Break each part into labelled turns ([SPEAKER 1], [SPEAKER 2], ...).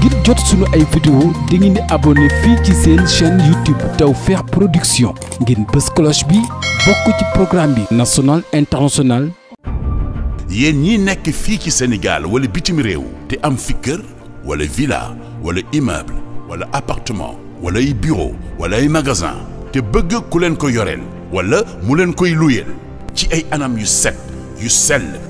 [SPEAKER 1] ngir jot sunu ay vidéo di ngeen di fii ci seen chaîne YouTube Tawfekh Production ngeen bës cloche bi bokk ci programme bi national international yéen ñi nekk fii ci Sénégal wala bitim réew te am fi wala villa wala immeuble wala appartement wala ay bureau wala ay magasin te bëgg ku leen ko yoreel wala mu leen koy luyeel ci ay anam yu set yu sell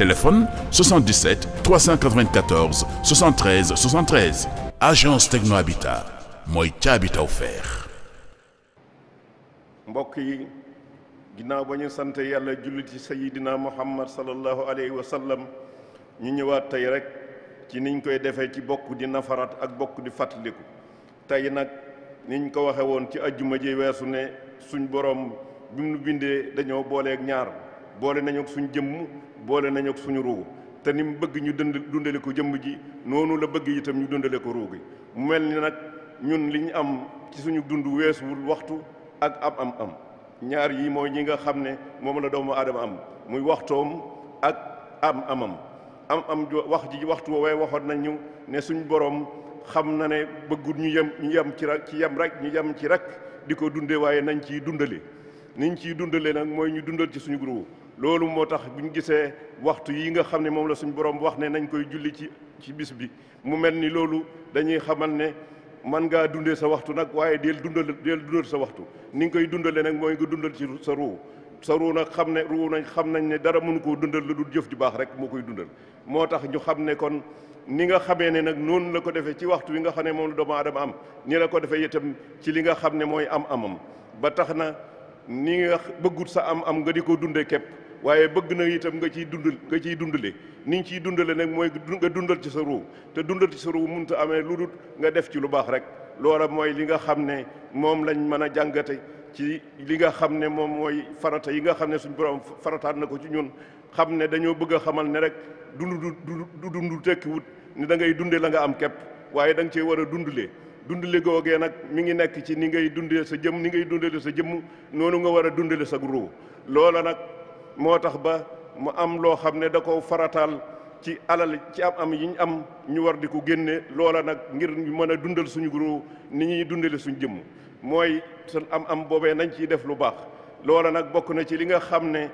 [SPEAKER 1] téléphone 77 394 73 73 agence Techno Habitat mooy caabi Tawfekh.
[SPEAKER 2] mbokk yi ginnaaw ba ñu sant yàlla jullit ci sayidina muhammad sallallahu alayhi wa sallam ñu ñëwaat tey rek ci niñ koy defee ci bokk di nafaraat ak bokk di fàttaliku tey nag niñ ko waxe woon ci ajjuma ji weesu ne suñ boroom bi mu bindee dañoo booleeg ñaar boole nañu ak suñ jëmm boole nañu suñu ruu te ni mu bëgg ñu dund dundale ko jëmm ji noonu la bëgg itam ñu dundale ko ruu gi mel ni nag ñun li ñu am ci suñu dund weesuwul waxtu ak am amam ñaar yi mooy ñi nga xam ne moom la doomu aadama am muy waxtoom ak am amam am am wax ji waxtu waaye waxoon nañu ne suñu borom xam na ne bëggul ñu yem yem ci rek ci yem rek ñu yem ci rek di ko dunde waaye nañ ciy dundale niñ ciy dundale nag mooy ñu dundal ci suñu groupe loolu moo tax bu ñu gisee waxtu yi nga xam ne moom la suñu borom wax ne nañ koy julli ci ci bis bi mu mel ni loolu dañuy xamal ne man ngaa dundee sa waxtu nag waaye deel dundal deel sa waxtu ni nga koy dundalee nag mooy nga dundal ci sa ruu sa nag xam ne ruu nañ xam nañ ne dara mënu koo dundal lu dul jëf ju baax rek moo koy dundal moo tax ñu xam ne kon ni nga xamee ne nag noonu la ko defee ci waxtu wi nga xam ne moom la doomu aadama am ni la ko defee itam ci li nga xam ne mooy am amam ba tax na ni nga bëggut sa am am nga di ko dundee képp waaye bëgg na itam nga ciy dundal nga ciy dundale ni nga ciy dundale nag mooy nga dundal ci sa ruu te dundal ci sa ruu mënut amee lu dul nga def ci lu baax rek loola mooy li nga xam ne moom lañ mën a jàngate ci li nga xam ne moom mooy farata yi nga xam ne suñ borom farataan na ko ci ñun xam ne dañoo bëgg a xamal ne rek dund du dund tekki wut da ngay dunde la nga am képp waaye da cee war a dundalee dundale googee nag mi ngi nekk ci ni ngay dundee sa jëm ni ngay dundale sa jëmm noonu nga war a dundale sa ruu loola nag moo tax ba mu am loo xam ne da ko farataal ci alal ci am am yi ñu am ñu war di ko génne loola nag ngir mën a dundal suñu guru ni ñuy dundale suñu jëmm mooy su am am boobee nañ ciy def lu baax loola nag bokk na ci li nga xam ne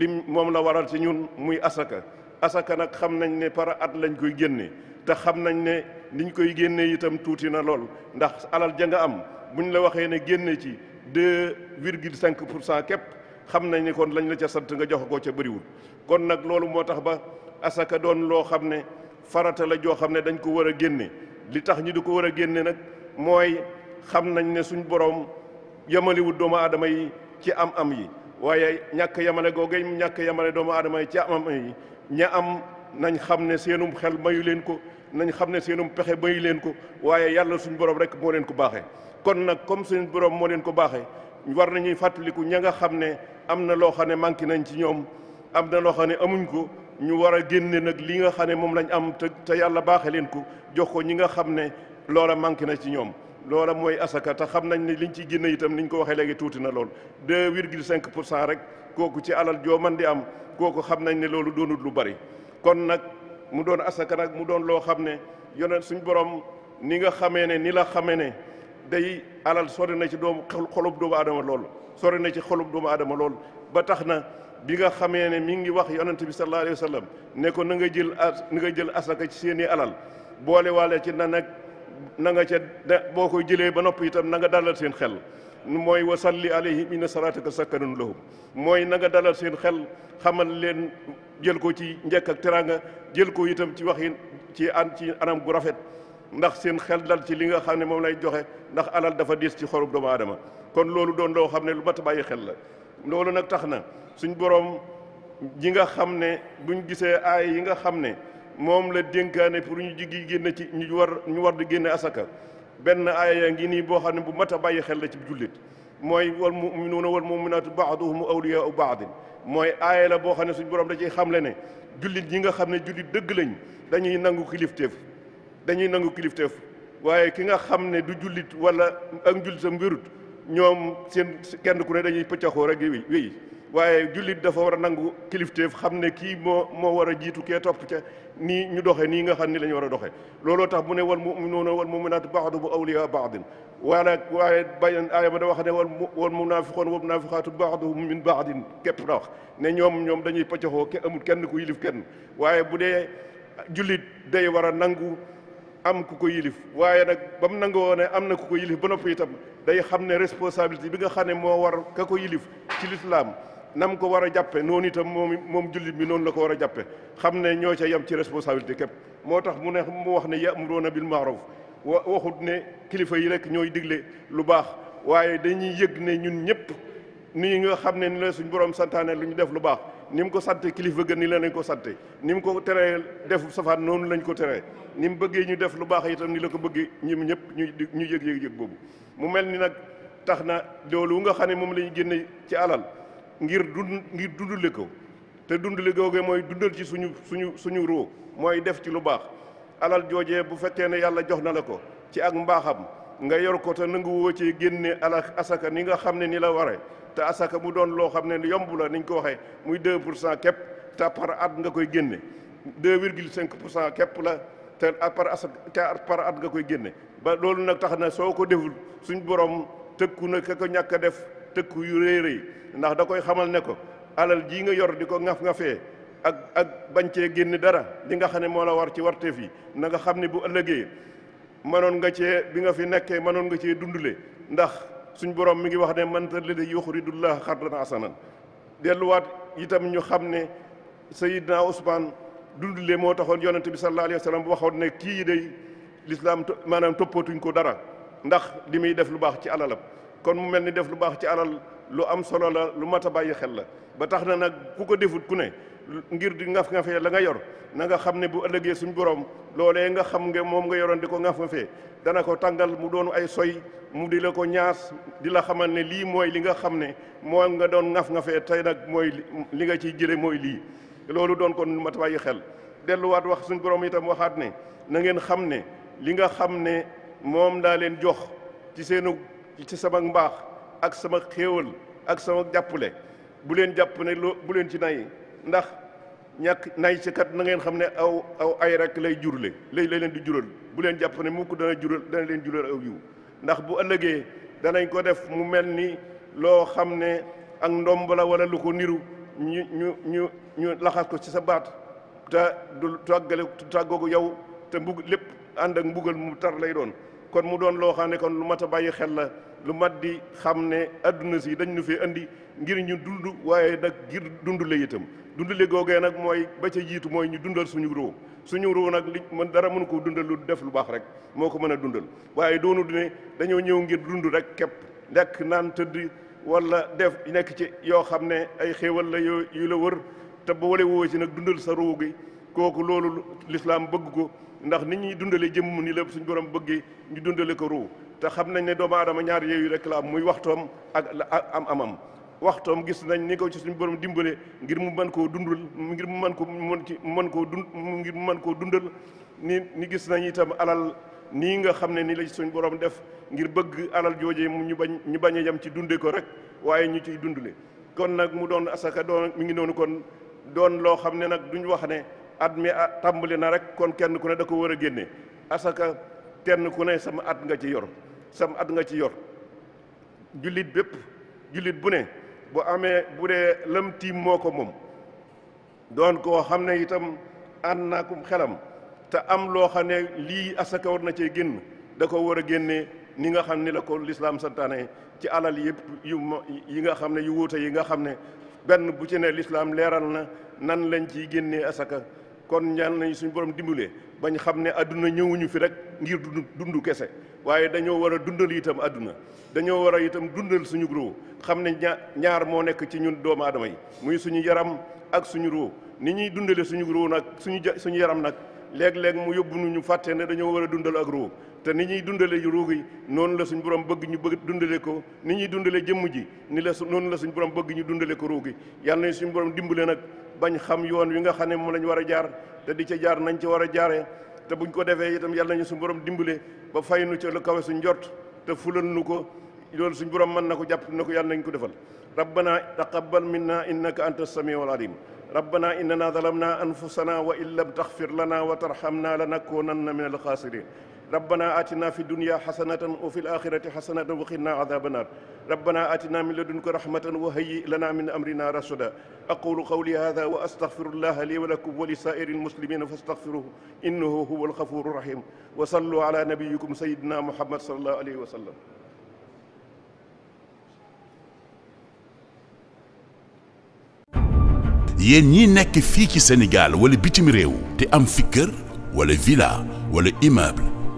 [SPEAKER 2] li moom la waral ci ñun muy asaka asaka nag xam nañ ne par at lañ koy génne te xam nañ ne niñ koy génne itam tuuti na lool ndax alal ja nga am buñ la waxee ne génne ci deux virgule cinq pour cent képp xam nañ ni kon lañ la ca sant nga jox ko ca bëriwul kon nag loolu moo tax ba asaka doon loo xam ne farata la joo xam ne dañ ko war a génne li tax ñu di ko war a génne nag mooy xam nañ ne suñ borom yamaliwut doomu aadama yi ci am-am yi waaye ñàkk yamale googay ñàkk yamale doomu aadama yi ci am yi ña am nañ xam ne seenum xel mayu leen ko nañ xam ne seenum pexe mayu leen ko waaye yàlla suñ borom rek moo leen ko baaxee kon nag comme suñ borom moo leen ko baaxee war nañuy fàttaliku ña nga xam ne. am na loo xam ne manqué nañ ci ñoom am na loo xam ne amuñ ko ñu war a génne nag li nga xam ne moom lañ am te te yàlla baaxe leen ko jox ko ñi nga xam ne loola manqué na ci ñoom loola mooy asaka te xam nañ ne liñ ci génne itam ni ñu ko waxee léegi tuuti na lool deux virgule cinq pour cent rek kooku ci alal joo man di am kooku xam nañ ne loolu doonut lu bari kon nag mu doon asaka nag mu doon loo xam ne yonent suñ borom ni nga xamee ne ni la xamee ne day alal sori na ci doomu xolub doomu aadama loolu sore na ci xolub doomu aadama lool ba tax na bi nga xamee ne mi ngi wax yonent bi sallallahu alayhi wa ne ko na nga jël as na jël asaka ci seeni alal boole waale ci na nag na nga ca boo koy jëlee ba noppi itam na nga dalal seen xel mooy wa wasalli alayhim inna salaataka sakkanun lahum mooy nanga nga dalal seen xel xamal leen jël ko ci njëkk ak teraanga jël ko itam ci waxin ci an ci anam gu rafet ndax seen xel dal ci li nga xam ne moom lay joxe ndax alal dafa diis ci xorub doomu aadama kon loolu doon loo xam ne lu mat bàyyi xel la loolu nag tax na suñ boroom ji nga xam ne buñ gisee aay yi nga xam ne moom la dénkaane pour ñu jigi génn ci ñu war ñu war di génne asaka benn aaya yaa ngi nii boo xam ne bu mat a bàyyi xel la ci jullit mooy wal muminuuna wal muminaatu baaduhum awliyaau baadin mooy aaya la boo xam ne suñ boroom da ciy xamle ne jullit yi nga xam ne jullit dëgg lañ dañuy nangu kilifteef dañuy nangu kilifteef waaye ki nga xam ne du jullit wala ak njullitam wérut ñoom seen kenn ku ne dañuy pëccaxoo rek wéy wéy waaye jullit dafa war a nangu xam ne kii moo moo war a jiitu kee topp ca nii ñu doxe nii nga xam ni la war a doxe looloo tax mu ne wal muminuuna wal muminaatu baaduhum awliyaa baadin waaye waaye bayan aaya ba da wax ne wal wal munaafiqoon wal munaafiqaatu baaduhum min baadin képp na wax ne ñoom dañuy pëccaxoo ke amul kenn ku yilif kenn waaye bu dee jullit day war a nangu am ku ko yilif waaye nag ba mu nangoo ne am na ku ko yilif ba noppi itam day xam ne responsabilité bi nga xam ne moo war ka ko yilif ci lislaam nam ko war a jàppe noonu itam moom moom jullit bi noonu la ko war a jàppe xam ne ñoo ca yem ci responsabilité képp moo tax mu ne mu wax ne ya'muruuna bil ma'ruf wa waxut ne kilifa yi rek ñooy digle lu baax waaye dañuy yëg ne ñun ñëpp nii nga xam ne nu la suñ borom santaane lu ñu def lu baax ni mu ko sante kilifa gën ni la lañ ko sante ni mu ko teree def safaan noonu lañ ko teree ni mu bëggee ñu def lu baax itam ni la ko bëggee ñim ñëpp ñu ñu yëg yëg yëg boobu mu mel ni nag tax na loolu nga xam ne moom la ñu génne ci alal ngir dund ngir dundale ko te dundale googe mooy dundal ci suñu suñu suñu roo mooy def ci lu baax alal joojee bu fekkee ne yàlla jox na la ko ci ak mbaaxam nga yor ko te ci génne alal asaka ni nga xam ne ni la waree te asaka mu doon loo xam ne yomb la ni ñu ko waxee muy 2 pour cent képp te par at nga koy génne 2 virgule 5 pour cent képp la te par asaka par at nga koy génne ba loolu nag tax na soo ko deful suñ borom tëkku na ka ko ñàkk a def tëkku yu rëy rëy ndax da koy xamal ne ko alal jii nga yor di ko ŋaf-ŋafee ak ak bañ cee génn dara li nga xam ne moo la war ci warteef yi na nga xam ne bu ëllëgee mënoon nga cee bi nga fi nekkee mënoon nga cee dundule ndax suñ borom mi ngi wax ne man alladi yuxridullah xardan asanan delluwaat itam ñu xam ne sayidna Usmaan dundule moo taxoon yonente bi sa alayhi wa sallam waxoon ne kii yi day lislaam maanaam toppatuñ ko dara ndax di muy def lu baax ci alalam kon mu mel ni def lu baax ci alal lu am solo la lu mat a bàyyi xel la ba tax na nag ku ko defut ku ne ngir di ngaf ngafee la nga yor na nga xam ne bu ëllëgee suñ borom loole nga xam nga moom nga yoroon di ko ngaf ngafee dana ko tàngal mu doon ay soy mu di la ko ñaas di la xamal ne lii mooy li nga xam ne moo nga doon ngaf ngafee tey nag mooy li nga ciy jële mooy lii loolu doon kon mat bàyyi xel delluwaat wax suñ borom itam waxaat ne na ngeen xam ne li nga xam ne moom daa leen jox ci seenu ci sama mbaax ak sama xéewal ak sama jàppale bu leen jàpp ne loo bu leen ci nay ndax ñàkk nay ci kat na ngeen xam ne aw aw ay rek lay jurle lay lay leen di jural bu leen jàpp ne mukk dana jural dana leen jural aw yiw ndax bu ëllëgee danañ ko def mu mel ni loo xam ne ak ndomb la wala lu ko niru ñu ñu ñu ñu laxas ko ci sa baat te du tàggale tàggoogu yow te mbug lépp ànd ak mbugal mu tar lay doon kon mu doon loo xam ne kon lu mat a bàyyi xel la lu mat di xam ne àdduna si dañ nu fee indi ngir ñu dund waaye nag ngir dundule itam dundule googee nag mooy ba ca jiitu mooy ñu dundal suñu roo suñu roo nag li mën dara mën koo dundal lu def lu baax rek moo ko mën a dundal waaye doonu ne dañoo ñëw ngir dund rek képp lekk naan tëdd walla def nekk ci yoo xam ne ay xéewal la yoo la wër te ba wale woo ci nag dundal sa roo gi kooku loolu lislaam bëgg ko ndax nit ñuy dundale jëmm ni la suñu borom bëggee ñu dundale ko roo te xam nañ ne doomu aadama ñaar yooyu réclame muy waxtoom ak am amam waxtoom gis nañ ni ko ci suñ borom dimbale ngir mu mën koo dundal ngir mën ko mën ci mën koo dund ngir mu mën koo dundal ni ni gis nañ itam alal nii nga xam ne ni la suñ borom def ngir bëgg alal jooje mu ñu bañ ñu bañ a ci dunde ko rek waaye ñu ciy dund dundale kon nag mu doon asaka doon mi ngi noonu kon doon loo xam ne nag duñ wax ne at mi ah, tàmbali na rek kon kenn ku ne da ko war a génne asaka kenn ku ne sama at nga ci yor sam at nga ci yor jullit bépp jullit bu ne bu amee bu dee lam tiim moo ko moom doon koo xam ne itam ànd naa kum xelam te am loo xam ne lii asaka war na cee génn da ko war a génne ni nga xam ne la ko lislaam santaane ci alal yëpp yu yi nga xam ne yu wuute yi nga xam ne benn bu ci ne lislaam leeral na nan lañ ciy génnee asaka kon ñaan nañ suñu borom dimbalee bañ xam ne àdduna ñëwuñu fi rek ngir dund dund kese waaye dañoo war a dundal itam àdduna dañoo war a itam dundal suñu ruu xam ne ña ñaar moo nekk ci ñun doomu aadama yi muy suñu yaram ak suñu ruu ni ñuy dundale suñu ruu nag suñu suñu yaram nag léeg-léeg mu yóbbu nu ñu fàtte ne dañoo war a dundal ak ruu te ni ñuy dundale ruu yi noonu la suñu borom bëgg ñu bëgg dundale ko ni ñuy dundale jëmm ji ni la su noonu la suñu borom bëgg ñu dundale ko ruu gi yàlla nañ suñu borom dimbale nag bañ xam yoon wi nga xam ne moom la ñu war a jaar te di ca jaar nañ ca war a jaaree te buñ ko defee itam yàlla nañu suñu borom dimbale ba fay nu ca lu kawe suñ njort te fulal nu ko loolu suñ borom mën na ko jàpp na ko yàlla nañ ko defal rabbana taqabbal minna innaka anta samiul alim rabbana innana zalamna anfusana wa in lam taxfir lana wa tarhamna lanakunanna min alxaasirin ربنا آتنا في الدنيا حسنة وفي الآخرة حسنة وقنا عذاب النار ربنا آتنا من لدنك رحمة وهيئ لنا من أمرنا رشدا أقول قولي هذا وأستغفر الله لي ولكم ولسائر المسلمين فاستغفروه إنه هو الغفور الرحيم وصلوا على نبيكم سيدنا محمد صلى الله عليه وسلم
[SPEAKER 1] yéen ñii nekk fii ci Sénégal wala bitim réew te am fi kër wala villa wala immeuble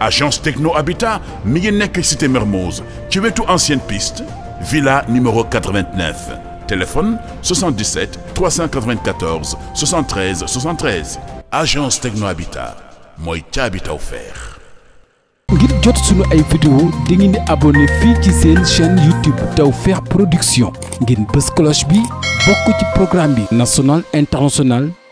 [SPEAKER 1] agence techno habitat mi ngi nekk te Mermoz ci wetu ancienne piste villa numéro 89 téléphone 77 394 73 73 agence techno habitat mooy ca habitat offert.
[SPEAKER 2] ngir jot sunu ay vidéo
[SPEAKER 1] di ngeen di abonné fii ci seen chaîne YouTube Tawfekh Production ngeen bës cloche bi bokk ci programme bi national international.